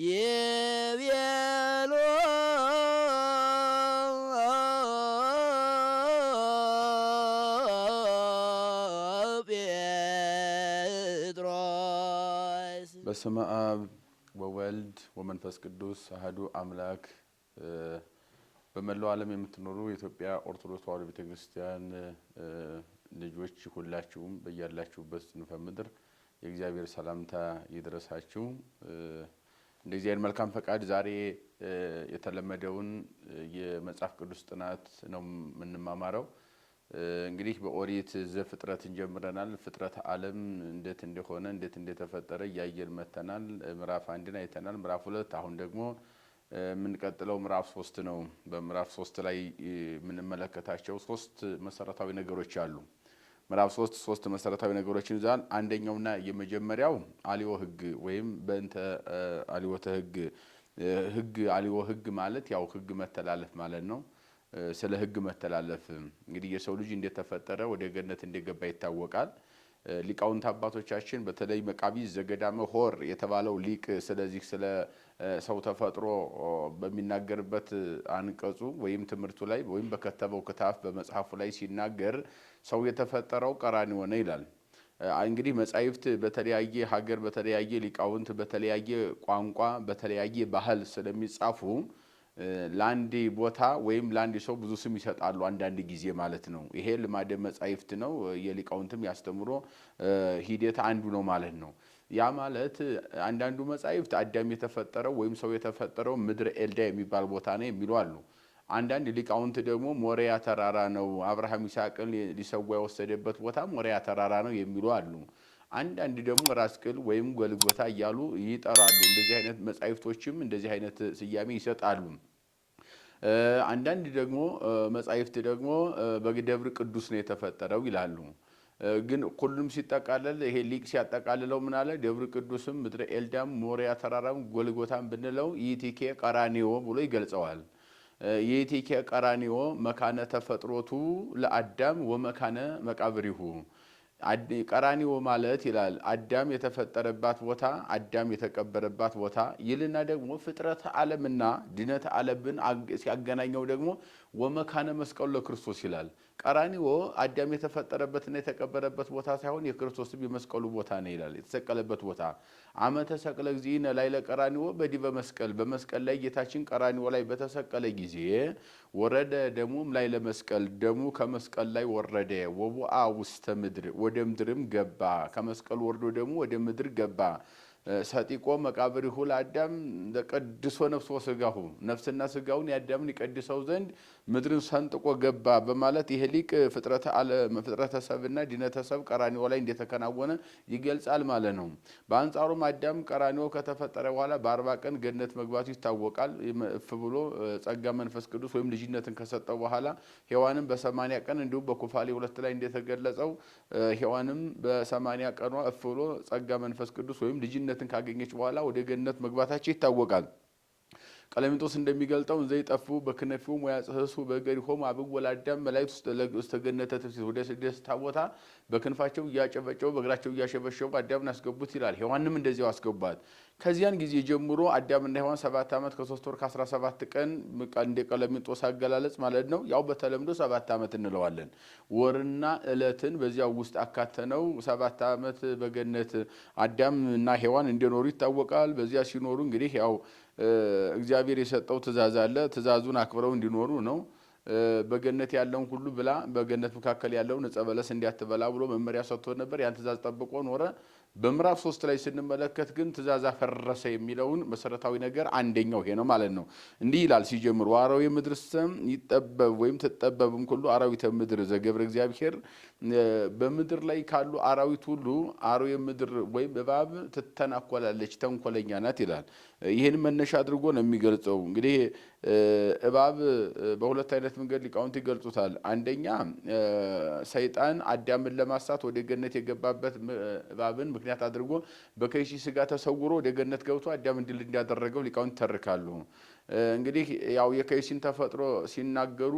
የቤሎጴጥሮስ በስመ አብ ወወልድ ወመንፈስ ቅዱስ አህዱ አምላክ። በመላው ዓለም የምትኖሩ የኢትዮጵያ ኦርቶዶክስ ተዋህዶ ቤተክርስቲያን ልጆች ሁላችሁም በያላችሁበት ንፈ ምድር የእግዚአብሔር ሰላምታ ይድረሳችሁ። እንደ እግዚአብሔር መልካም ፈቃድ ዛሬ የተለመደውን የመጽሐፍ ቅዱስ ጥናት ነው የምንማማረው። እንግዲህ በኦሪት ዘፍጥረትን ጀምረናል። ፍጥረት ዓለም እንዴት እንደሆነ እንዴት እንደተፈጠረ እያየን መተናል። ምዕራፍ አንድን አይተናል። ምዕራፍ ሁለት አሁን ደግሞ የምንቀጥለው ምዕራፍ ሶስት ነው። በምዕራፍ ሶስት ላይ የምንመለከታቸው ሶስት መሰረታዊ ነገሮች አሉ። ምዕራፍ ሶስት ሶስት መሰረታዊ ነገሮችን አንደኛው አንደኛውና የመጀመሪያው አሊዮ ህግ ወይም በእንተ አሊዮተ ህግ ህግ አሊዮ ህግ ማለት ያው ህግ መተላለፍ ማለት ነው። ስለ ህግ መተላለፍ እንግዲህ የሰው ልጅ እንደተፈጠረ ወደ ገነት እንደገባ ይታወቃል። ሊቃውንት አባቶቻችን በተለይ መቃቢ ዘገዳመ ሆር የተባለው ሊቅ ስለዚህ ስለ ሰው ተፈጥሮ በሚናገርበት አንቀጹ ወይም ትምህርቱ ላይ ወይም በከተበው ክታፍ በመጽሐፉ ላይ ሲናገር ሰው የተፈጠረው ቀራኒ ሆነ ይላል። እንግዲህ መጻሕፍት በተለያየ ሀገር፣ በተለያየ ሊቃውንት፣ በተለያየ ቋንቋ፣ በተለያየ ባህል ስለሚጻፉ ለአንድ ቦታ ወይም ለአንድ ሰው ብዙ ስም ይሰጣሉ፣ አንዳንድ ጊዜ ማለት ነው። ይሄ ልማደ መጻሕፍት ነው። የሊቃውንትም ያስተምሮ ሂደት አንዱ ነው ማለት ነው። ያ ማለት አንዳንዱ መጻሕፍት አዳም የተፈጠረው ወይም ሰው የተፈጠረው ምድር ኤልዳ የሚባል ቦታ ነው የሚሉ አሉ። አንዳንድ ሊቃውንት ደግሞ ሞሪያ ተራራ ነው አብርሃም ይስሐቅን ሊሰዋ የወሰደበት ቦታ ሞሪያ ተራራ ነው የሚሉ አሉ። አንዳንድ ደግሞ ራስ ቅል ወይም ጎልጎታ እያሉ ይጠራሉ። እንደዚህ አይነት መጻሕፍቶችም እንደዚህ አይነት ስያሜ ይሰጣሉ። አንዳንድ ደግሞ መጻሕፍት ደግሞ በደብር ቅዱስ ነው የተፈጠረው ይላሉ። ግን ሁሉም ሲጠቃለል ይሄ ሊቅ ሲያጠቃልለው ምናለ ደብር ቅዱስም ምድረ ኤልዳም ሞሪያ ተራራም ጎልጎታም ብንለው ኢቲኬ ቀራኔዎ ብሎ ይገልጸዋል። የቴኬ ቀራኒዎ መካነ ተፈጥሮቱ ለአዳም ወመካነ መቃብሪሁ ቀራኒዎ ማለት ይላል አዳም የተፈጠረባት ቦታ አዳም የተቀበረባት ቦታ ይልና ደግሞ ፍጥረት ዓለምና ድነት ዓለምን ሲያገናኘው ደግሞ ወመካነ መስቀሉ ለክርስቶስ ይላል። ቀራኒዎ አዳም የተፈጠረበትና የተቀበረበት ቦታ ሳይሆን የክርስቶስም የመስቀሉ ቦታ ነው ይላል። የተሰቀለበት ቦታ አመተ ሰቅለ ጊዜነ ላዕለ ቀራኒዎ በዲበ መስቀል፣ በመስቀል ላይ ጌታችን ቀራኒዎ ላይ በተሰቀለ ጊዜ ወረደ ደሙም ላዕለ መስቀል፣ ደሙ ከመስቀል ላይ ወረደ። ወቡአ ውስተ ምድር፣ ወደ ምድርም ገባ። ከመስቀል ወርዶ ደሙ ወደ ምድር ገባ። ሰጢቆ መቃብር ይሁል አዳም ቀድሶ ነፍሶ ስጋሁ፣ ነፍስና ስጋውን የአዳምን ይቀድሰው ዘንድ ምድርን ሰንጥቆ ገባ በማለት ይሄ ሊቅ ፍጥረተ ዓለም ፍጥረተሰብና ሰብ ቀራኒዎ ላይ እንደተከናወነ ይገልጻል ማለት ነው። በአንጻሩም አዳም ቀራኒዎ ከተፈጠረ በኋላ በአርባ ቀን ገነት መግባቱ ይታወቃል። እፍ ብሎ ጸጋ መንፈስ ቅዱስ ወይም ልጅነትን ከሰጠው በኋላ ሔዋንም በሰማንያ ቀን እንዲሁም በኩፋሌ ሁለት ላይ እንደተገለጸው ሔዋንም በሰማንያ ቀኗ እፍ ብሎ ጸጋ መንፈስ ቅዱስ ወይም ልጅነትን ካገኘች በኋላ ወደ ገነት መግባታቸው ይታወቃል። ቀለሚጦስ እንደሚገልጠው እንዘ ይጠፉ በክነፊ ሙያ ጽህሱ በእገሪሆሙ አብብ ወላዳም መላእክት ውስተ ገነተ ትፍሥሕት ወደ ደስታ ቦታ በክንፋቸው እያጨበጨቡ በእግራቸው እያሸበሸቡ አዳምን አስገቡት ይላል። ሔዋንም እንደዚያው አስገቧት። ከዚያን ጊዜ ጀምሮ አዳምና ሔዋን ሰባት ዓመት ከሶስት ወር ከአስራ ሰባት ቀን እንደ ቀለሚጦስ አገላለጽ ማለት ነው። ያው በተለምዶ ሰባት ዓመት እንለዋለን። ወርና ዕለትን በዚያው ውስጥ አካተነው ሰባት ዓመት በገነት አዳም እና ሔዋን እንደኖሩ ይታወቃል። በዚያ ሲኖሩ እንግዲህ ያው እግዚአብሔር የሰጠው ትእዛዝ አለ። ትእዛዙን አክብረው እንዲኖሩ ነው። በገነት ያለውን ሁሉ ብላ፣ በገነት መካከል ያለውን ዕፀ በለስ እንዲያትበላ ብሎ መመሪያ ሰጥቶ ነበር። ያን ትእዛዝ ጠብቆ ኖረ። በምዕራፍ ሶስት ላይ ስንመለከት ግን ትእዛዝ አፈረሰ የሚለውን መሰረታዊ ነገር አንደኛው ይሄ ነው ማለት ነው። እንዲህ ይላል ሲጀምሩ አራዊ ምድር ሰም ይጠበብ ወይም ትጠበብም ሁሉ አራዊተ ምድር ዘገብረ እግዚአብሔር። በምድር ላይ ካሉ አራዊት ሁሉ አራዊ ምድር ወይም እባብ ትተናኮላለች፣ ተንኮለኛ ናት ይላል። ይህን መነሻ አድርጎ ነው የሚገልጸው። እንግዲህ እባብ በሁለት አይነት መንገድ ሊቃውንት ይገልጹታል። አንደኛ ሰይጣን አዳምን ለማሳት ወደ ገነት የገባበት እባብን ምክንያት አድርጎ በከይሲ ስጋ ተሰውሮ ወደ ገነት ገብቶ አዳም እንዲል እንዳደረገው ሊቃውንት ይተርካሉ። እንግዲህ ያው የከይሲን ተፈጥሮ ሲናገሩ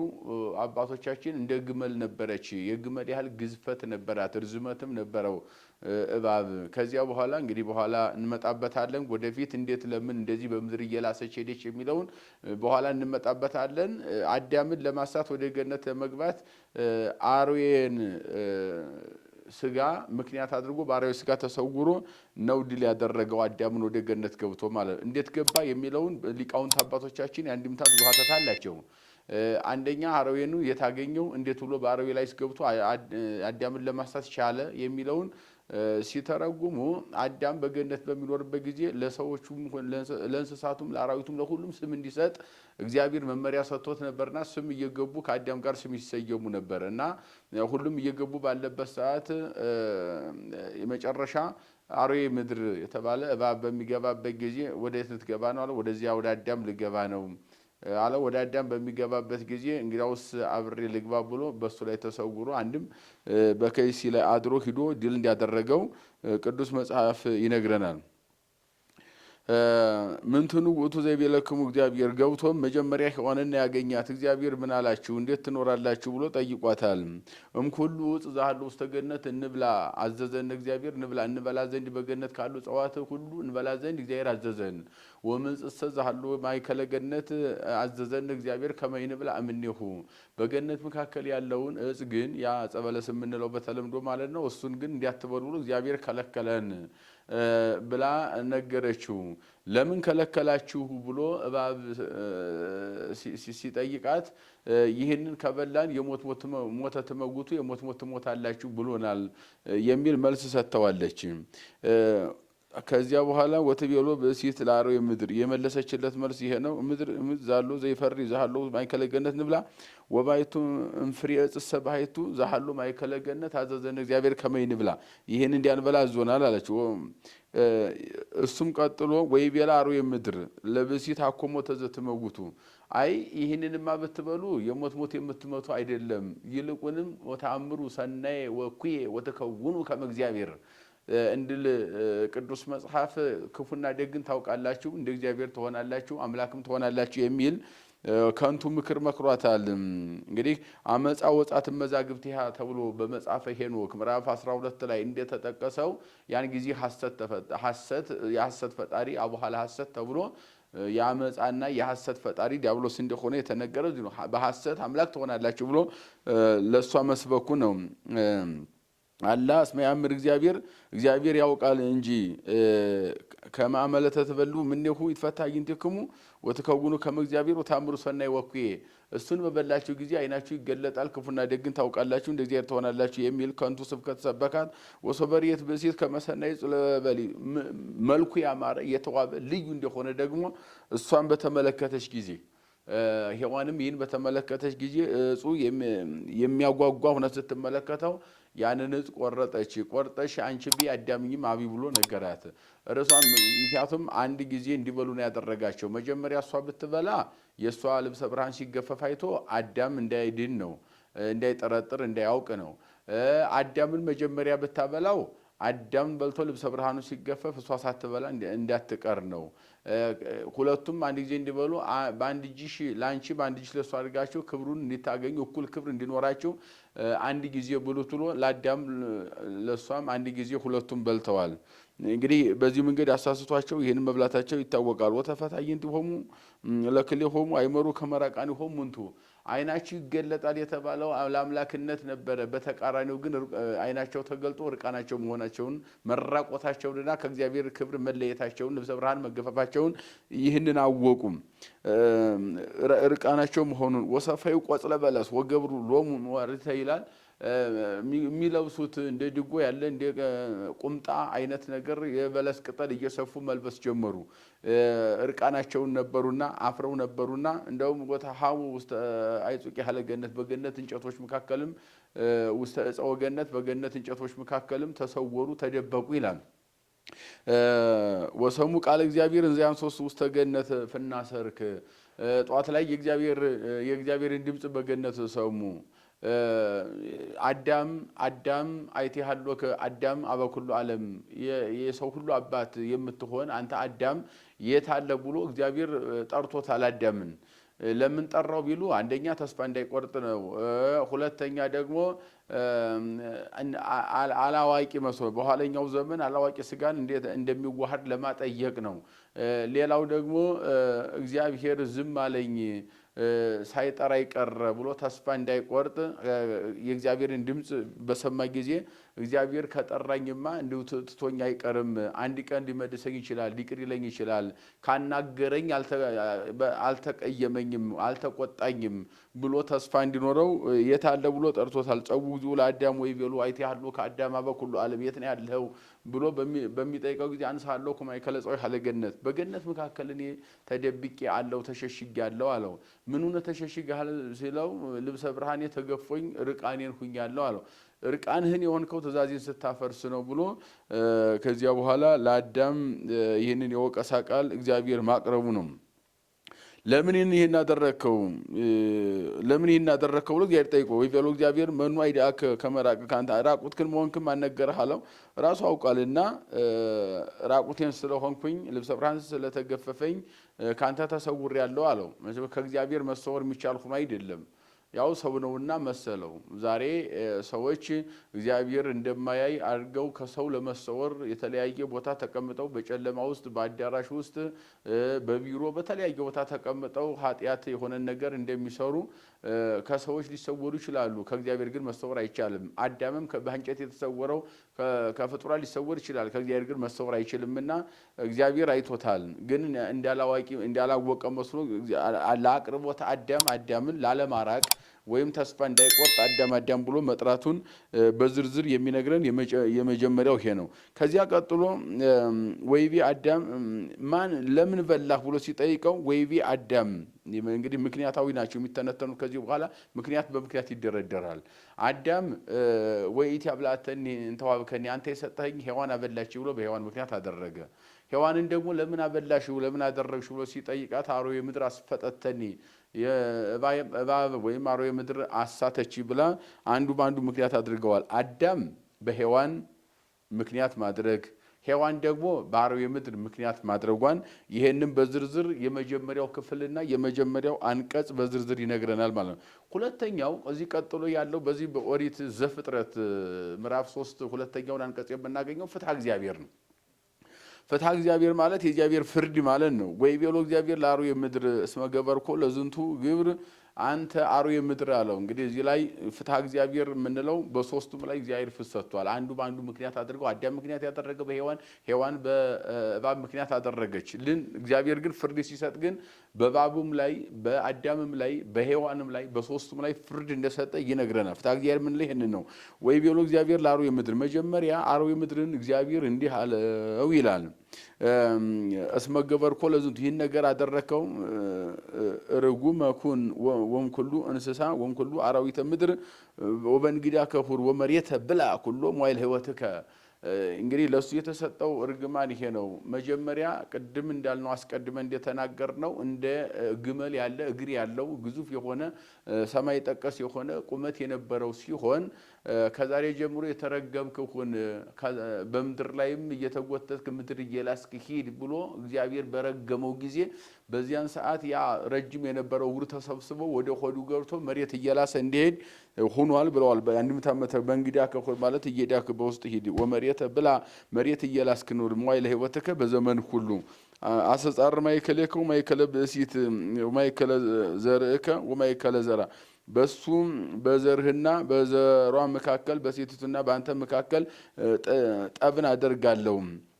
አባቶቻችን እንደ ግመል ነበረች፣ የግመል ያህል ግዝፈት ነበራት፣ ርዝመትም ነበረው እባብ ከዚያ በኋላ እንግዲህ በኋላ እንመጣበታለን። ወደፊት እንዴት ለምን እንደዚህ በምድር እየላሰች ሄደች የሚለውን በኋላ እንመጣበታለን። አዳምን ለማሳት ወደ ገነት ለመግባት አርዌን ስጋ ምክንያት አድርጎ በአርዌ ስጋ ተሰውሮ ነው ድል ያደረገው አዳምን ወደ ገነት ገብቶ ማለት ነው። እንዴት ገባ የሚለውን ሊቃውንት አባቶቻችን የአንድምታ ብዙ ሀተታ አላቸው። አንደኛ አረዌኑ የታገኘው እንዴት ብሎ በአረዌ ላይ ገብቶ አዳምን ለማሳት ቻለ የሚለውን ሲተረጉሙ አዳም በገነት በሚኖርበት ጊዜ ለሰዎቹም ለእንስሳቱም ለአራዊቱም ለሁሉም ስም እንዲሰጥ እግዚአብሔር መመሪያ ሰጥቶት ነበርና ስም እየገቡ ከአዳም ጋር ስም ይሰየሙ ነበር እና ሁሉም እየገቡ ባለበት ሰዓት የመጨረሻ አሮዬ ምድር የተባለ እባብ በሚገባበት ጊዜ ወደ የት ልትገባ ነው አለ። ወደዚያ ወደ አዳም ልገባ ነው አለ ወደ አዳም በሚገባበት ጊዜ እንግዳውስ አብሬ ልግባ ብሎ በሱ ላይ ተሰውሮ አንድም በከይሲ ላይ አድሮ ሂዶ ድል እንዲያደረገው ቅዱስ መጽሐፍ ይነግረናል። ምንትኑ ውእቱ ዘይቤለክሙ እግዚአብሔር ገብቶም መጀመሪያ ሔዋንን ያገኛት እግዚአብሔር ምን አላችሁ እንዴት ትኖራላችሁ ብሎ ጠይቋታል። እምኩሉ ዕፅ ዘሀሎ ውስተ ገነት እንብላ አዘዘን እግዚአብሔር እንብላ እንበላ ዘንድ በገነት ካሉ ዕፅዋት ሁሉ እንበላ ዘንድ እግዚአብሔር አዘዘን። ወምን ጽሰ ዘሀሎ ማእከለ ገነት አዘዘን እግዚአብሔር ከመይ ንብላ እምኔሁ በገነት መካከል ያለውን እጽ ግን ያ ጸበለስ የምንለው በተለምዶ ማለት ነው። እሱን ግን እንዲያትበሉ ብሎ እግዚአብሔር ከለከለን። ብላ ነገረችው። ለምን ከለከላችሁ ብሎ እባብ ሲጠይቃት ይህንን ከበላን ሞተ ትመጉቱ የሞት ሞት ትሞታላችሁ ብሎናል የሚል መልስ ሰጥተዋለች። ከዚያ በኋላ ወትቤሎ ብእሲት ለአርዌ ምድር የመለሰችለት መልስ ይሄ ነው። ምድር ዛሎ ዘይፈሪ ዛሎ ማእከለ ገነት ንብላ ወባይቱ እምፍሬ እጽ ሰባይቱ ዛሎ ማእከለ ገነት አዘዘን እግዚአብሔር ከመይ ንብላ ይህን እንዲያንበላ አዞናል አለችው። እሱም ቀጥሎ ወይ ቤላ አርዌ ምድር ለብእሲት አኮሞ ተዘትመውቱ አይ ይህንንማ ብትበሉ የሞት ሞት የምትመቱ አይደለም፣ ይልቁንም ወተአምሩ ሰናየ ወኩየ ወተከውኑ ከመ እግዚአብሔር እንድል ቅዱስ መጽሐፍ ክፉና ደግን ታውቃላችሁ፣ እንደ እግዚአብሔር ትሆናላችሁ፣ አምላክም ትሆናላችሁ የሚል ከንቱ ምክር መክሯታል። እንግዲህ አመፃ ወጻት መዛግብት ተብሎ በመጽሐፈ ሄኖክ ምዕራፍ 12 ላይ እንደተጠቀሰው ያን ጊዜ የሐሰት ፈጣሪ አቡኋላ ሐሰት ተብሎ የአመፃና የሐሰት ፈጣሪ ዲያብሎስ እንደሆነ የተነገረ በሐሰት አምላክ ትሆናላችሁ ብሎ ለእሷ መስበኩ ነው። አላ እስመ ያምር እግዚአብሔር እግዚአብሔር ያውቃል እንጂ ከማእመለተ ትበሉ ምኔሁ ይትፈታ አግኝትክሙ ወትከውኑ ከመ እግዚአብሔር ወታምሩ ሰናይ ወኩዬ እሱን በበላችሁ ጊዜ አይናችሁ ይገለጣል፣ ክፉና ደግን ታውቃላችሁ፣ እንደ እግዚአብሔር ትሆናላችሁ የሚል ከንቱ ስብከት ሰበካት። ወሶበርየት ብእሲት ከመ ሰናይ ጽለበሊ መልኩ ያማረ የተዋበ ልዩ እንደሆነ ደግሞ እሷን በተመለከተች ጊዜ ሔዋንም ይህን በተመለከተች ጊዜ እጹ የሚያጓጓ ሁነት ስትመለከተው ያንን ዕፅ ቆረጠች። ቆርጠሽ አንቺ ብይ አዳምኝም አቢ ብሎ ነገራት። ርሷን ምክንያቱም አንድ ጊዜ እንዲበሉ ነው ያደረጋቸው። መጀመሪያ እሷ ብትበላ የእሷ ልብሰ ብርሃን ሲገፈፍ አይቶ አዳም እንዳይድን ነው፣ እንዳይጠረጥር እንዳያውቅ ነው። አዳምን መጀመሪያ ብታበላው አዳም በልቶ ልብሰ ብርሃኑ ሲገፈፍ እሷ ሳትበላ እንዳትቀር ነው። ሁለቱም አንድ ጊዜ እንዲበሉ በአንድ እጅሽ ለአንቺ በአንድ እጅሽ ለእሱ አድርጋችሁ ክብሩን እንዲታገኙ እኩል ክብር እንዲኖራቸው አንድ ጊዜ ብሉት ብሎ ለአዳም ለእሷም አንድ ጊዜ ሁለቱም በልተዋል። እንግዲህ በዚህ መንገድ አሳስቷቸው ይህን መብላታቸው ይታወቃል። ወተፈታይንት ሆሙ ለክሌ ሆሙ አይመሩ ከመራቃኒ ሆሙ እንቱ አይናቸው ይገለጣል የተባለው ለአምላክነት ነበረ። በተቃራኒው ግን አይናቸው ተገልጦ እርቃናቸው መሆናቸውን መራቆታቸውንና ከእግዚአብሔር ክብር መለየታቸውን ልብሰ ብርሃን መገፈፋቸውን ይህንን አወቁም። እርቃናቸው መሆኑን ወሰፋዩ ቆጽለ በለስ ወገብሩ ሎሙ ወርዕተ ይላል። የሚለብሱት እንደ ድጎ ያለ እንደ ቁምጣ አይነት ነገር የበለስ ቅጠል እየሰፉ መልበስ ጀመሩ። እርቃናቸውን ነበሩና አፍረው ነበሩና እንደውም ሀሙ ውስተ አይጹቅ ያለ ገነት በገነት እንጨቶች መካከልም ውስተ እጸወ ገነት በገነት እንጨቶች መካከልም ተሰወሩ፣ ተደበቁ ይላል። ወሰሙ ቃለ እግዚአብሔር እንዚያን ሶስት ውስተ ገነት ፍናሰርክ ጠዋት ላይ የእግዚአብሔርን ድምፅ በገነት ሰሙ። አዳም አዳም አይቴሃሎከ አዳም አበኩሉ ዓለም የሰው ሁሉ አባት የምትሆን አንተ አዳም የት አለ ብሎ እግዚአብሔር ጠርቶታል። አዳምን ለምን ጠራው ቢሉ አንደኛ ተስፋ እንዳይቆርጥ ነው። ሁለተኛ ደግሞ አላዋቂ መስሎ በኋለኛው ዘመን አላዋቂ ስጋን እንዴት እንደሚዋሃድ ለማጠየቅ ነው። ሌላው ደግሞ እግዚአብሔር ዝም አለኝ ሳይጠራ ይቀር ብሎ ተስፋ እንዳይቆርጥ የእግዚአብሔርን ድምፅ በሰማ ጊዜ እግዚአብሔር ከጠራኝማ እንዲሁ ትቶኝ አይቀርም። አንድ ቀን ሊመልሰኝ ይችላል፣ ሊቅር ይለኝ ይችላል። ካናገረኝ አልተቀየመኝም፣ አልተቆጣኝም ብሎ ተስፋ እንዲኖረው የት አለ ብሎ ጠርቶታል። ጸውዑ ለአዳም ወይ አይቴ ያሉ ከአዳም በኩሉ ዓለም የት ነው ያለው ብሎ በሚጠይቀው ጊዜ አንሳ አንሳለሁ ከማእከለ ጸውዕ ሀለገነት በገነት መካከል እኔ ተደብቄ አለው ተሸሽጌ አለው አለው። ምን ምኑን ተሸሽገሃል ሲለው ልብሰ ብርሃኔ ተገፎኝ ርቃኔን ሁኛለሁ አለው። እርቃንህን የሆንከው ትእዛዜን ስታፈርስ ነው ብሎ ከዚያ በኋላ ለአዳም ይህንን የወቀሳ ቃል እግዚአብሔር ማቅረቡ ነው። ለምን ይህን አደረግከው? ለምን ይህን አደረግከው ብሎ እግዚአብሔር ጠይቆ ወይ ብሎ እግዚአብሔር መኑ አይዳአከ ከመራቅ ራቅከ ከአንተ ራቁትክን መሆንክም አነገረህ አለው። ራሱ አውቃልና ራቁቴን ስለሆንኩኝ ልብሰ ብርሃን ስለተገፈፈኝ ከአንተ ተሰውሬያለሁ አለው። ከእግዚአብሔር መሰወር የሚቻል አይደለም። ያው ሰው ነውና መሰለው። ዛሬ ሰዎች እግዚአብሔር እንደማያይ አድርገው ከሰው ለመሰወር የተለያየ ቦታ ተቀምጠው በጨለማ ውስጥ በአዳራሽ ውስጥ በቢሮ በተለያየ ቦታ ተቀምጠው ኃጢአት የሆነን ነገር እንደሚሰሩ ከሰዎች ሊሰወሩ ይችላሉ። ከእግዚአብሔር ግን መሰወር አይቻልም። አዳምም በእንጨት የተሰወረው ከፍጡራ ሊሰወር ይችላል። ከእግዚአብሔር ግን መሰወር አይችልምና እግዚአብሔር አይቶታል። ግን እንዳላወቀ መስሎ ለአቅርቦት አዳም አዳምን ላለማራቅ ወይም ተስፋ እንዳይቆርጥ አዳም አዳም ብሎ መጥራቱን በዝርዝር የሚነግረን የመጀመሪያው ይሄ ነው። ከዚያ ቀጥሎ ወይቢ አዳም ማን ለምን በላህ ብሎ ሲጠይቀው ወይቢ አዳም እንግዲህ ምክንያታዊ ናቸው የሚተነተኑት። ከዚህ በኋላ ምክንያት በምክንያት ይደረደራል። አዳም ወይት ያብላተኒ እንተዋብከኒ አንተ የሰጠኝ ሔዋን አበላች ብሎ በሔዋን ምክንያት አደረገ። ሔዋንን ደግሞ ለምን አበላሽ ለምን አደረግሽ ብሎ ሲጠይቃት አሮ የምድር አስፈጠተኒ እባብ ወይም አሮዌ ምድር አሳተች ብላ አንዱ በአንዱ ምክንያት አድርገዋል። አዳም በሔዋን ምክንያት ማድረግ ሔዋን ደግሞ በአሮዌ ምድር ምክንያት ማድረጓን ይሄንም በዝርዝር የመጀመሪያው ክፍልና የመጀመሪያው አንቀጽ በዝርዝር ይነግረናል ማለት ነው። ሁለተኛው እዚህ ቀጥሎ ያለው በዚህ በኦሪት ዘፍጥረት ምዕራፍ ሶስት ሁለተኛውን አንቀጽ የምናገኘው ፍትሐ እግዚአብሔር ነው። ፍትሐ እግዚአብሔር ማለት የእግዚአብሔር ፍርድ ማለት ነው። ወይቤሎ እግዚአብሔር ለአርዌ ምድር እስመ ገበርኮ ለዝንቱ ግብር አንተ አርዌ ምድር አለው። እንግዲህ እዚህ ላይ ፍትሐ እግዚአብሔር የምንለው በሶስቱም ላይ እግዚአብሔር ፍትሕ ሰጥቷል። አንዱ በአንዱ ምክንያት አድርገው አዳም ምክንያት ያደረገ በሔዋን ሔዋን በእባብ ምክንያት አደረገች ልን እግዚአብሔር ግን ፍርድ ሲሰጥ ግን በእባቡም ላይ በአዳምም ላይ በሔዋንም ላይ በሶስቱም ላይ ፍርድ እንደሰጠ ይነግረናል። ፍትሐ እግዚአብሔር የምንለው ይህንን ነው። ወይቤሎ እግዚአብሔር ለአርዌ ምድር መጀመሪያ አርዌ ምድርን እግዚአብሔር እንዲህ አለው ይላል እስመ ገበርኮ ለዝንቱ ይህን ነገር አደረከው ርጉመ ኩን ወምኩሉ እንስሳ ወምኩሉ አራዊተ ምድር ወበእንግዳ ከፉር ወመሬተ ብላ ኩሎ ሞይል ህይወትከ እንግዲህ ለእሱ የተሰጠው እርግማን ይሄ ነው። መጀመሪያ ቅድም እንዳልነው አስቀድመን ነው እንደ ግመል ያለ እግር ያለው ግዙፍ የሆነ ሰማይ ጠቀስ የሆነ ቁመት የነበረው ሲሆን ከዛሬ ጀምሮ የተረገምክ ሁን፣ በምድር ላይም እየተጎተትክ ምድር እየላስክ ሂድ ብሎ እግዚአብሔር በረገመው ጊዜ በዚያን ሰዓት ያ ረጅም የነበረው እግሩ ተሰብስቦ ወደ ሆዱ ገብቶ መሬት እየላሰ እንዲሄድ ሆኗል ብለዋል። አንድምት ዓመተ በእንግዲያ ከሆነ ማለት እየዲያክ በውስጥ ሂድ ወመሬተ ብላ መሬት እየላስክ ኑር ሞይ ለህይወትከ በዘመን ሁሉ አሰጻር ማይከለከ ማይከለ ብእሲት ማይከለ ዘርእከ ወማይከለ ዘራ በሱም በዘርህና በዘሯ መካከል በሴቲቱና በአንተ መካከል ጠብን አደርጋለሁ።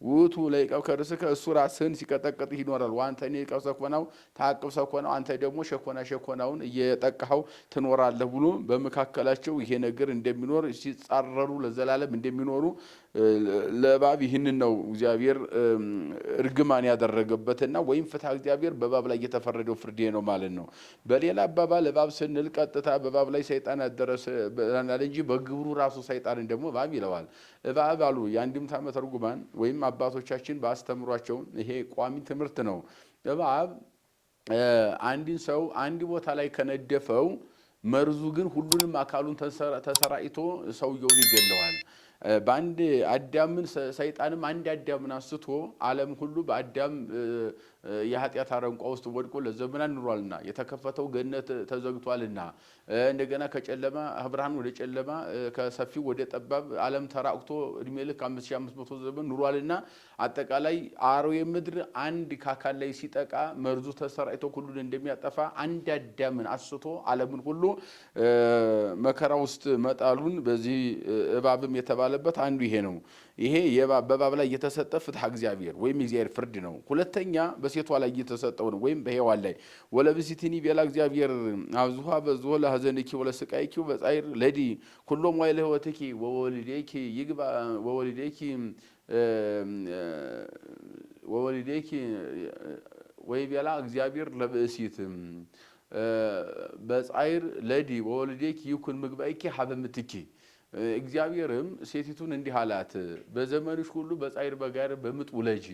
ውቱ ለይቀው ከርስከ እሱ ራስህን ሲቀጠቅጥህ ይኖራል። ዋንተ ኔ ቀው ሰኮናው ታቅብ ሰኮናው አንተ ደግሞ ሸኮና ሸኮናውን እየጠቃኸው ትኖራለህ ብሎ በመካከላቸው ይሄ ነገር እንደሚኖር ሲጻረሩ ለዘላለም እንደሚኖሩ ለእባብ ይህንን ነው እግዚአብሔር እርግማን ያደረገበትና ወይም ፍትሐ እግዚአብሔር በእባብ ላይ የተፈረደው ፍርድ ነው ማለት ነው። በሌላ አባባል እባብ ስንል ቀጥታ በእባብ ላይ ሰይጣን ያደረሰ ብለናል እንጂ በግብሩ ራሱ ሰይጣንን ደግሞ እባብ ይለዋል። እባብ አሉ የአንድምታ መተርጉማን ወይም አባቶቻችን ባስተምሯቸው ይሄ ቋሚ ትምህርት ነው። እባብ አንድን ሰው አንድ ቦታ ላይ ከነደፈው መርዙ ግን ሁሉንም አካሉን ተሰራጭቶ ሰውየውን ይገለዋል። በአንድ አዳምን ሰይጣንም አንድ አዳምን አስቶ ዓለም ሁሉ በአዳም የኃጢአት አረንቋ ውስጥ ወድቆ ለዘመናት ኑሯልና የተከፈተው ገነት ተዘግቷልና እንደገና ከጨለማ ብርሃን ወደ ጨለማ ከሰፊው ወደ ጠባብ ዓለም ተራቅቶ እድሜ ልክ 5500 ዘመን ኑሯልና አጠቃላይ አርዌ ምድር አንድ ካካል ላይ ሲጠቃ መርዙ ተሰራጭቶ ሁሉን እንደሚያጠፋ አንድ አዳምን አስቶ ዓለምን ሁሉ መከራ ውስጥ መጣሉን በዚህ እባብም የተባለበት አንዱ ይሄ ነው። ይሄ በባብ ላይ የተሰጠ ፍትሐ እግዚአብሔር ወይም የእግዚአብሔር ፍርድ ነው። ሁለተኛ በሴቷ ላይ እየተሰጠው ነው ወይም በሔዋን ላይ ወለብእሲትኒ ቤላ እግዚአብሔር አብዝሖ በዝሖ ለሐዘንኪ ወለስቃይኪ በጻይር ለዲ ኩሎ ሞይ ለሕይወትኪ ወወሊዴኪ ይግባ ወወሊዴኪ ወወሊዴኪ ወይ ቤላ እግዚአብሔር ለብእሲት በጻይር ለዲ ወወሊዴኪ ይኩን ምግባይኪ ሀበ ምትኪ እግዚአብሔርም ሴቲቱን እንዲህ አላት፣ በዘመንሽ ሁሉ በጻይር በጋር በምጥ ውለጂ፣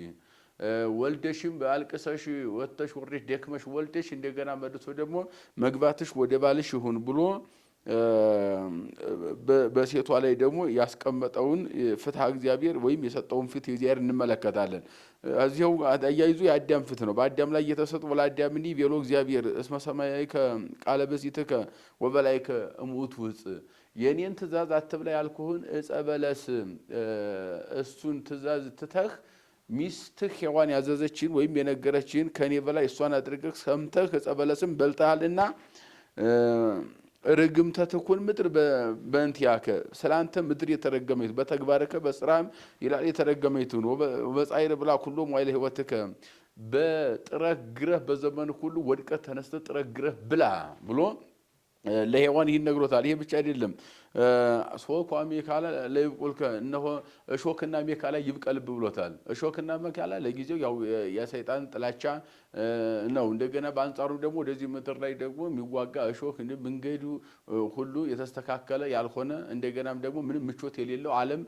ወልደሽም በአልቅሰሽ ወጥተሽ ወርደሽ ደክመሽ ወልደሽ እንደገና መልሶ ደግሞ መግባትሽ ወደ ባልሽ ይሁን ብሎ በሴቷ ላይ ደግሞ ያስቀመጠውን ፍትሐ እግዚአብሔር ወይም የሰጠውን ፍትሕ እግዚአብሔር እንመለከታለን። እዚው አያይዞ የአዳም ፍትሕ ነው። በአዳም ላይ የተሰጠው ለአዳም እንዲህ ቤሎ እግዚአብሔር እስመ ሰማያዊ ቃለ ብእሲትከ ወበላይከ እሙት ውፅ የእኔን ትእዛዝ አትብላ ያልኩህን እጸ በለስ እሱን ትእዛዝ ትተህ ሚስትህ ሔዋን ያዘዘችን ወይም የነገረችን ከእኔ በላይ እሷን አድርገህ ሰምተህ እጸ በለስም በልተሃልና ርግም ተትኩን ምድር በእንቲአከ ስላንተ ምድር የተረገመይቱ በተግባርከ በስራም ይላል የተረገመይቱን ወበጻይር ብላ ሁሉ ሞይለ ህይወትከ በጥረህ ግረህ በዘመን ሁሉ ወድቀት ተነስተ ጥረህ ግረህ ብላ ብሎ ለሔዋን ይህን ነግሮታል። ይሄ ብቻ አይደለም ሶኳ ሜካላ ለይብቁልከ እነሆ እሾክና ሜካ ላይ ይብቀልብ ብሎታል። እሾክና ሜካላ ለጊዜው ያው የሰይጣን ጥላቻ ነው። እንደገና በአንጻሩ ደግሞ ወደዚህ ምድር ላይ ደግሞ የሚዋጋ እሾክ መንገዱ ሁሉ የተስተካከለ ያልሆነ እንደገናም ደግሞ ምንም ምቾት የሌለው ዓለም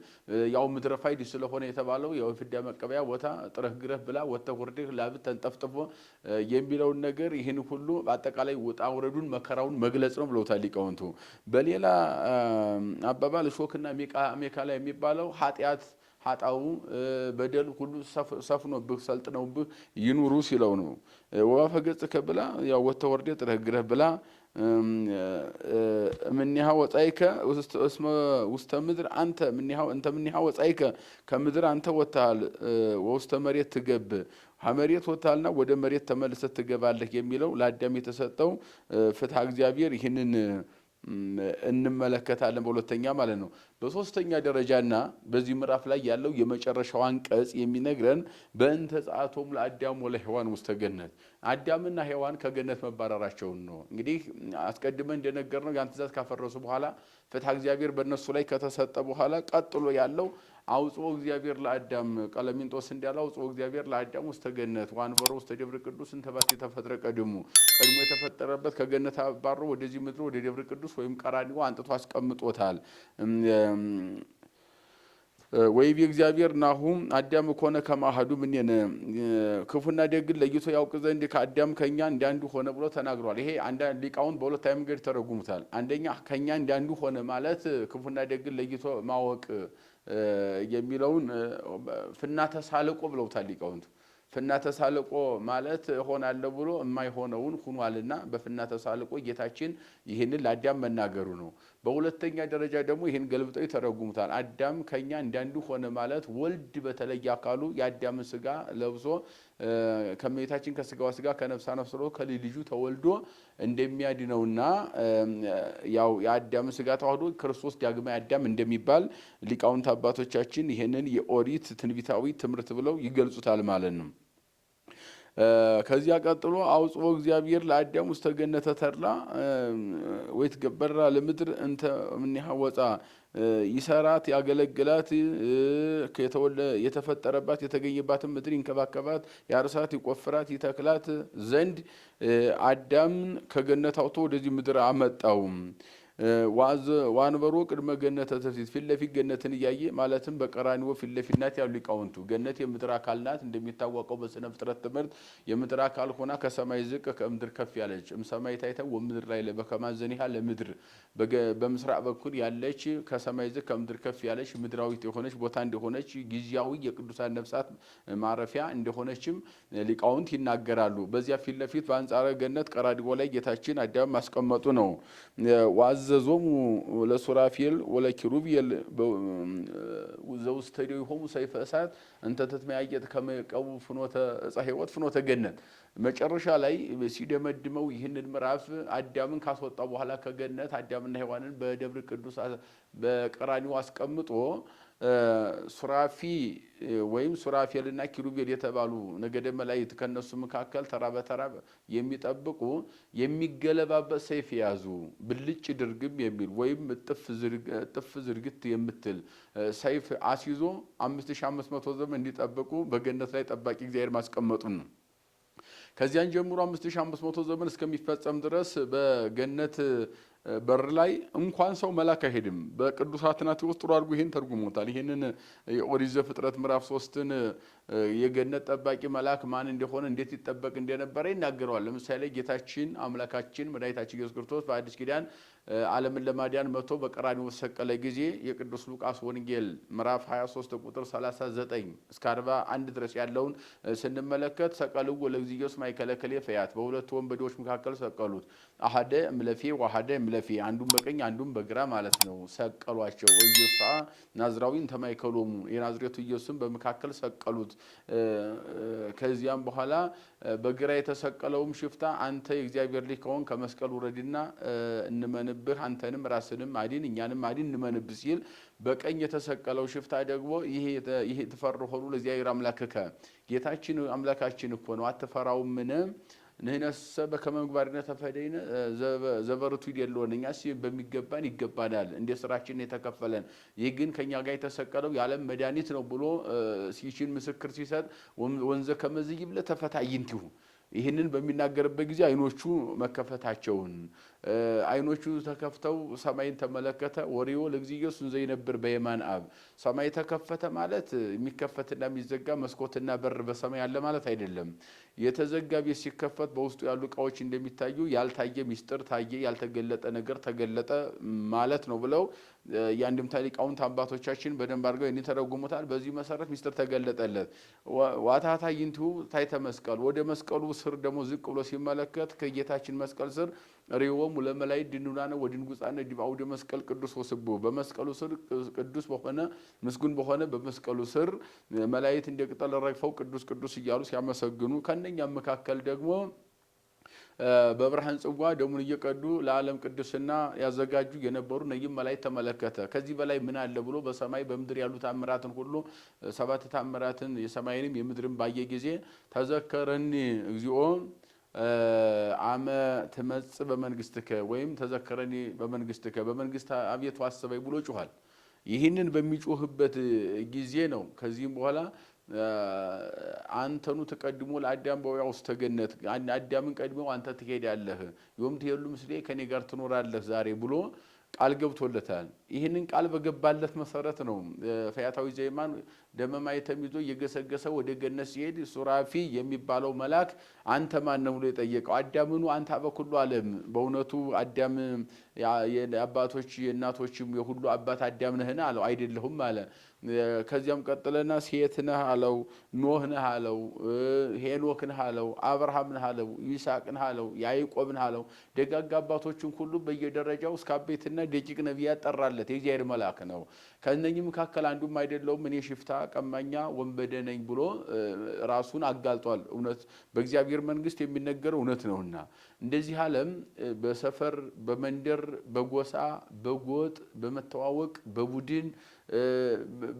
ያው ምድረ ፋይድ ስለሆነ የተባለው ያው መቀበያ ቦታ ጥረህ ግረህ ብላ ወጥተህ ወርደህ ላብት ተንጠፍጥፎ የሚለውን ነገር ይህን ሁሉ በአጠቃላይ ውጣ ውረዱን መከራውን መግለጽ ነው ብለውታል ሊቃውንቱ በሌላ አባባል እሾክና ላይ የሚባለው ኃጢአት ሀጣው በደል ሁሉ ሰፍኖብህ ሰልጥነውብህ ይኑሩ ሲለው ነው። ወፈገጽ ከብላ ያው ወተ ወርደህ ጥረግረህ ብላ ምኒሃ ወጻይከ እስመ ውስተ ምድር አንተ እምኒሃ እንተ ምኒሃ ወጻይከ ከምድር አንተ ወጥተሃል ወውስተ መሬት ትገብ ሀመሬት ወጥተሃልና ወደ መሬት ተመልሰህ ትገባለህ የሚለው ለአዳም የተሰጠው ፍትሐ እግዚአብሔር ይህንን እንመለከታለን በሁለተኛ ማለት ነው። በሶስተኛ ደረጃና በዚህ ምዕራፍ ላይ ያለው የመጨረሻው አንቀጽ የሚነግረን በእንተ ጸአቶም ለአዳም ወለሔዋን ውስተ ገነት አዳምና ሔዋን ከገነት መባረራቸውን ነው። እንግዲህ አስቀድመን እንደነገርነው ያን ትእዛዝ ካፈረሱ በኋላ ፍትሐ እግዚአብሔር በእነሱ ላይ ከተሰጠ በኋላ ቀጥሎ ያለው አውፅኦ እግዚአብሔር ለአዳም ቀለሚንጦስ እንዲያለ አውፅኦ እግዚአብሔር ለአዳም ውስተ ገነት ወአንበሮ ውስተ ደብር ቅዱስ እንተ ባቲ ተፈጥረ ቀድሞ ቀድሞ የተፈጠረበት ከገነት አባሮ ወደዚህ ምድር ወደ ደብር ቅዱስ ወይም ቀራኒዎ አንጥቶ አስቀምጦታል። ወይቤ እግዚአብሔር ናሁም አዳም ኮነ ከማሃዱ ምኔነ ክፉና ደግን ለይቶ ያውቅ ዘንድ ከአዳም ከኛ እንዳንዱ ሆነ ብሎ ተናግሯል። ይሄ ሊቃውንት በሁለት መንገድ ተረጉሙታል። አንደኛ ከኛ እንዳንዱ ሆነ ማለት ክፉና ደግን ለይቶ ማወቅ የሚለውን ፍና ተሳልቆ ብለውታል ሊቃውንቱ። ፍና ተሳልቆ ማለት እሆናለሁ ብሎ የማይሆነውን ሁኗልና በፍና ተሳልቆ ጌታችን ይህንን ለአዳም መናገሩ ነው። በሁለተኛ ደረጃ ደግሞ ይህን ገልብጠው ይተረጉሙታል። አዳም ከኛ እንዳንዱ ሆነ ማለት ወልድ በተለየ አካሉ የአዳምን ስጋ ለብሶ ከእመቤታችን ከስጋዋ ስጋ ከነፍሳ ነፍስሮ ሆኖ ከልጅ ልጁ ተወልዶ እንደሚያድነውና ያው የአዳም ስጋ ተዋህዶ ክርስቶስ ዳግማ አዳም እንደሚባል ሊቃውንት አባቶቻችን ይህንን የኦሪት ትንቢታዊ ትምህርት ብለው ይገልጹታል ማለት ነው። ከዚያ ቀጥሎ አውጽኦ እግዚአብሔር ለአዳም ውስተ ገነተ ተድላ ገበራ ለምድር እንተ እምኔሃ ወፃ ይሰራት ያገለግላት የተፈጠረባት የተገኘባትን ምድር ይንከባከባት ያርሳት ይቆፍራት ይተክላት ዘንድ አዳምን ከገነት አውጥቶ ወደዚህ ምድር አመጣው። ዋንበሮ ቅድመ ገነተ ተፍሲት ፊት ለፊት ገነትን እያየ ማለትም በቀራኒዎ ፊት ለፊት ናት ያሉ ሊቃውንቱ። ገነት የምድር አካል ናት። እንደሚታወቀው በስነ ፍጥረት ትምህርት የምድር አካል ሆና ከሰማይ ዝቅ ከምድር ከፍ ያለች እምሰማይ ታይተው ወምድር ላይ በከማዘኒሃ ለምድር በምስራቅ በኩል ያለች ከሰማይ ዝቅ ከምድር ከፍ ያለች ምድራዊት የሆነች ቦታ እንደሆነች ጊዜያዊ የቅዱሳን ነፍሳት ማረፊያ እንደሆነችም ሊቃውንት ይናገራሉ። በዚያ ፊት ለፊት በአንጻረ ገነት ቀራኒዎ ላይ ጌታችን አዳም ማስቀመጡ ነው። ዋዝ አዘዞሙ ለሱራፌል ወለኪሩቤል ዘውስተዲሆሙ ሰይፈ እሳት እንተ ትትመያየት ከመ ይቀቡ ፍኖተ ዕፀ ሕይወት ፍኖተ ገነት። መጨረሻ ላይ ሲደመድመው ይህንን ምዕራፍ አዳምን ካስወጣ በኋላ ከገነት አዳምና ሔዋንን በደብር ቅዱስ በቀራኒው አስቀምጦ ሱራፊ ወይም ሱራፌልና ኪሩቤል የተባሉ ነገደ መላእክት ከነሱ መካከል ተራ በተራ የሚጠብቁ የሚገለባበት ሰይፍ የያዙ ብልጭ ድርግም የሚል ወይም ጥፍ ዝርግት የምትል ሰይፍ አስይዞ 5500 ዘመን እንዲጠብቁ በገነት ላይ ጠባቂ እግዚአብሔር ማስቀመጡ ነው። ከዚያን ጀምሮ 5500 ዘመን እስከሚፈጸም ድረስ በገነት በር ላይ እንኳን ሰው መላክ አይሄድም። በቅዱስ አትናቴዎስ ጥሩ አድርጎ ይሄን ተርጉሞታል። ይሄንን የኦሪት ዘፍጥረት ምዕራፍ ሶስትን የገነት ጠባቂ መልአክ ማን እንደሆነ እንዴት ይጠበቅ እንደነበረ ይናገረዋል። ለምሳሌ ጌታችን አምላካችን መድኃኒታችን ኢየሱስ ክርስቶስ በአዲስ ኪዳን ዓለምን ለማዳን መቶ በቀራኒ ወሰቀለ ጊዜ የቅዱስ ሉቃስ ወንጌል ምዕራፍ 23 ቁጥር 39 እስከ 41 ድረስ ያለውን ስንመለከት ሰቀልዎ ለእግዚእዮስ ማእከለ ፈያት፣ በሁለት ወንበዴዎች መካከል ሰቀሉት አሐደ እምለፌ ወአሐደ እምለ አለፊ አንዱን በቀኝ አንዱን በግራ ማለት ነው ሰቀሏቸው። ወኢዮሳ ናዝራዊን ተማይከሎሙ የናዝሬቱ ኢየሱስን በመካከል ሰቀሉት። ከዚያም በኋላ በግራ የተሰቀለውም ሽፍታ አንተ የእግዚአብሔር ልጅ ከሆን ከመስቀል ውረድና እንመንብህ፣ አንተንም ራስንም አዲን እኛንም አዲን እንመንብህ ሲል በቀኝ የተሰቀለው ሽፍታ ደግሞ ይሄ ትፈርሆኑ ለእግዚአብሔር አምላክከ ጌታችን አምላካችን እኮ ነው አትፈራውምን? ንህነሰበ ከመምግባርነ ተፈደይነ ዘበርቱ የለውን ሲ በሚገባን ይገባናል እንደ ስራችን የተከፈለን ይህ ግን ከኛ ጋር የተሰቀለው የዓለም መድኃኒት ነው ብሎ ሲችን ምስክር ሲሰጥ ወንዘ ከመዝይብ ለተፈታ ይንቲሁ ይህንን በሚናገርበት ጊዜ አይኖቹ መከፈታቸውን አይኖቹ ተከፍተው ሰማይን ተመለከተ ወሪዮ ለእግዚእየሱስ እንዘ ይነብር በየማን አብ። ሰማይ ተከፈተ ማለት የሚከፈትና የሚዘጋ መስኮትና በር በሰማይ አለ ማለት አይደለም። የተዘጋ ቤት ሲከፈት በውስጡ ያሉ እቃዎች እንደሚታዩ ያልታየ ሚስጥር ታየ፣ ያልተገለጠ ነገር ተገለጠ ማለት ነው ብለው የአንድምታ ሊቃውንት አባቶቻችን በደንብ አድርገው ተረጉሙታል። በዚህ መሰረት ሚስጥር ተገለጠለት። ዋታታ ታይተ መስቀል ወደ መስቀሉ ስር ደግሞ ዝቅ ብሎ ሲመለከት ከጌታችን መስቀል ስር ሪወሙ ለመላእክት ድንዱናነ ወድንጉጻነ ዲበ አውደ መስቀል ቅዱስ ወስቡ በመስቀሉ ስር ቅዱስ በሆነ ምስጉን በሆነ በመስቀሉ ስር መላእክት እንደ ቅጠል ረግፈው ቅዱስ ቅዱስ እያሉ ሲያመሰግኑ ከነኛ መካከል ደግሞ በብርሃን ጽዋ ደሙን እየቀዱ ለዓለም ቅድስና ያዘጋጁ የነበሩ ነይም መላእክት ተመለከተ። ከዚህ በላይ ምን አለ ብሎ በሰማይ በምድር ያሉ ታምራትን ሁሉ ሰባት ታምራትን የሰማይንም የምድርን ባየ ጊዜ ተዘከረኒ እግዚኦ አመ ትመጽ በመንግስትከ ወይም ተዘከረኒ በመንግስትከ በመንግስት አብየት አስበኝ ብሎ ጩኋል። ይህንን በሚጮህበት ጊዜ ነው ከዚህም በኋላ አንተኑ ተቀድሞ ለአዳም በውያ ውስጥ ተገነት አዳምን ቀድመው አንተ ትሄዳለህ፣ ዮም ትሄሉ ምስሌ ከኔ ጋር ትኖራለህ ዛሬ ብሎ ቃል ገብቶለታል። ይህንን ቃል በገባለት መሰረት ነው ፈያታዊ ዘይማን ደመ ማኅተም ይዞ እየገሰገሰ ወደ ገነት ሲሄድ ሱራፊ የሚባለው መልአክ አንተ ማን ነው ብሎ የጠየቀው አዳምኑ አንተ አበኩሉ አለም በእውነቱ አዳም የአባቶች የእናቶችም የሁሉ አባት አዳም ነህን አለው አይደለሁም አለ ከዚያም ቀጥለና ሴት ነህ አለው ኖህ ነህ አለው ሄኖክ ነህ አለው አብርሃም ነህ አለው ይስሐቅ ነህ አለው ያዕቆብ ነህ አለው ደጋግ አባቶችን ሁሉ በየደረጃው እስከ አቤትና ደቂቅ ነቢያ ጠራለ የመጣለት የእግዚአብሔር መልአክ ነው። ከእነኚህ መካከል አንዱም አይደለውም እኔ ሽፍታ ቀማኛ ወንበደነኝ ነኝ ብሎ ራሱን አጋልጧል። እውነት በእግዚአብሔር መንግስት የሚነገር እውነት ነውና እንደዚህ ዓለም በሰፈር በመንደር በጎሳ በጎጥ በመተዋወቅ በቡድን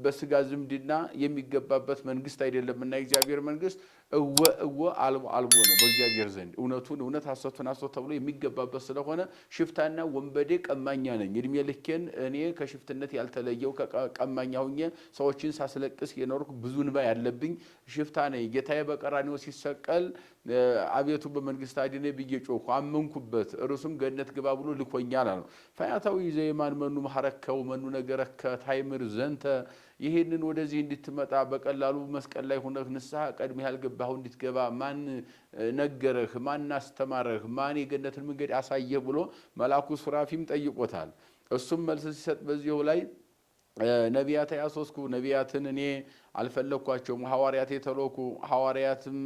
በስጋ ዝምድና የሚገባበት መንግስት አይደለምና የእግዚአብሔር መንግስት እወ እወ አልቦ አልቦ ነው በእግዚአብሔር ዘንድ እውነቱን እውነት ሐሰቱን ሐሰት ተብሎ የሚገባበት ስለሆነ ሽፍታና ወንበዴ ቀማኛ ነኝ እድሜ ልኬን እኔ ከሽፍትነት ያልተለየው ቀማኛ ሁኜ ሰዎችን ሳስለቅስ የኖርኩ ብዙ እንባ ያለብኝ ሽፍታ ነኝ ጌታዬ በቀራንዮ ሲሰቀል አቤቱ በመንግስት አድኔ ብዬ ጮኩ፣ አመንኩበት፣ እርሱም ገነት ግባ ብሎ ልኮኛል አለ። ፈያታዊ ዘይማን መኑ ማሐረከው መኑ ነገረከ ታይምር ዘንተ ይህንን ወደዚህ እንድትመጣ በቀላሉ መስቀል ላይ ሆነህ ንስሐ ቀድሜ ያልገባኸው እንድትገባ ማን ነገረህ? ማን አስተማረህ? ማን የገነትን መንገድ አሳየህ? ብሎ መልአኩ ሱራፊም ጠይቆታል። እሱም መልስ ሲሰጥ በዚሁ ላይ ነቢያት ያሶስኩ ነቢያትን እኔ አልፈለግኳቸውም። ሐዋርያት የተሎኩ ሐዋርያትም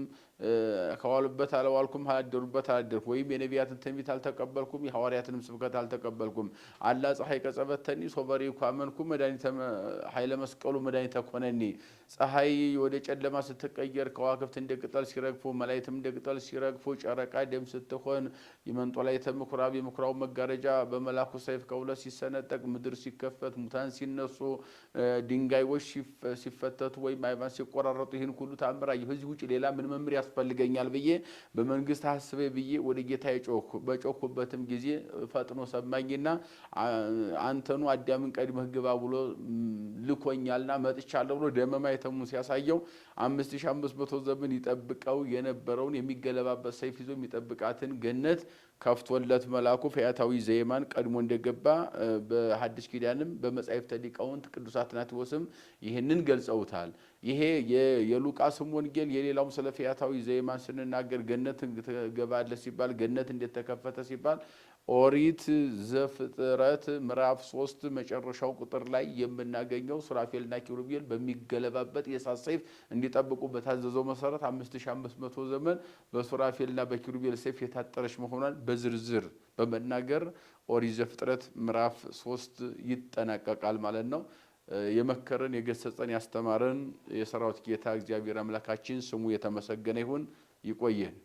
ከዋሉበት አለዋልኩም አደሩበት አላደርኩም፣ ወይም የነቢያትን ትንቢት አልተቀበልኩም፣ የሐዋርያትንም ስብከት አልተቀበልኩም። አላ ፀሐይ ቀጸበተኒ ሶበሪ ኳመንኩ ኃይለ መስቀሉ መድኃኒተ ኮነኒ። ፀሐይ ወደ ጨለማ ስትቀየር፣ ከዋክብት እንደ ቅጠል ሲረግፉ፣ መላይትም እንደ ቅጠል ሲረግፉ፣ ጨረቃ ደም ስትሆን፣ ላይ ተምኩራብ የምኩራቡ መጋረጃ በመላኩ ሰይፍ ከሁለት ሲሰነጠቅ፣ ምድር ሲከፈት፣ ሙታን ሲነሱ፣ ድንጋዮች ሲፈተቱ በብረቱ ወይም አይቫን ሲቆራረጡ ይህን ሁሉ ታምር አየሁ። ውጭ ሌላ ምን መምህር ያስፈልገኛል ብዬ በመንግስት ሀስቤ ብዬ ወደ ጌታ የጮኩ በጮኩበትም ጊዜ ፈጥኖ ሰማኝና አንተኑ አዳምን ቀድመህ ግባ ብሎ ልኮኛልና መጥቻለሁ ብሎ ደመማ የተሙን ሲያሳየው አምስት ሺህ አምስት መቶ ዘመን ይጠብቀው የነበረውን የሚገለባበት ሰይፍ ይዞ የሚጠብቃትን ገነት ከፍቶለት መላኩ ፈያታዊ ዘየማን ቀድሞ እንደገባ በሐዲስ ኪዳንም በመጻሕፍተ ሊቃውንት ቅዱስ አትናቴዎስም ይህንን ገልጸውታል። ይሄ የሉቃስም ወንጌል የሌላውም ስለ ፈያታዊ ዘየማን ስንናገር ገነት ትገባለህ ሲባል ገነት እንዴት ተከፈተ ሲባል ኦሪት ዘፍጥረት ምዕራፍ ሶስት መጨረሻው ቁጥር ላይ የምናገኘው ሱራፌልና ኪሩቤል በሚገለባበት የእሳት ሰይፍ እንዲጠብቁ በታዘዘው መሰረት 5500 ዘመን በሱራፌልና በኪሩቤል ሰይፍ የታጠረች መሆኗን በዝርዝር በመናገር ኦሪት ዘፍጥረት ምዕራፍ ሶስት ይጠናቀቃል ማለት ነው። የመከረን የገሰጸን ያስተማረን የሰራዊት ጌታ እግዚአብሔር አምላካችን ስሙ የተመሰገነ ይሁን። ይቆየን።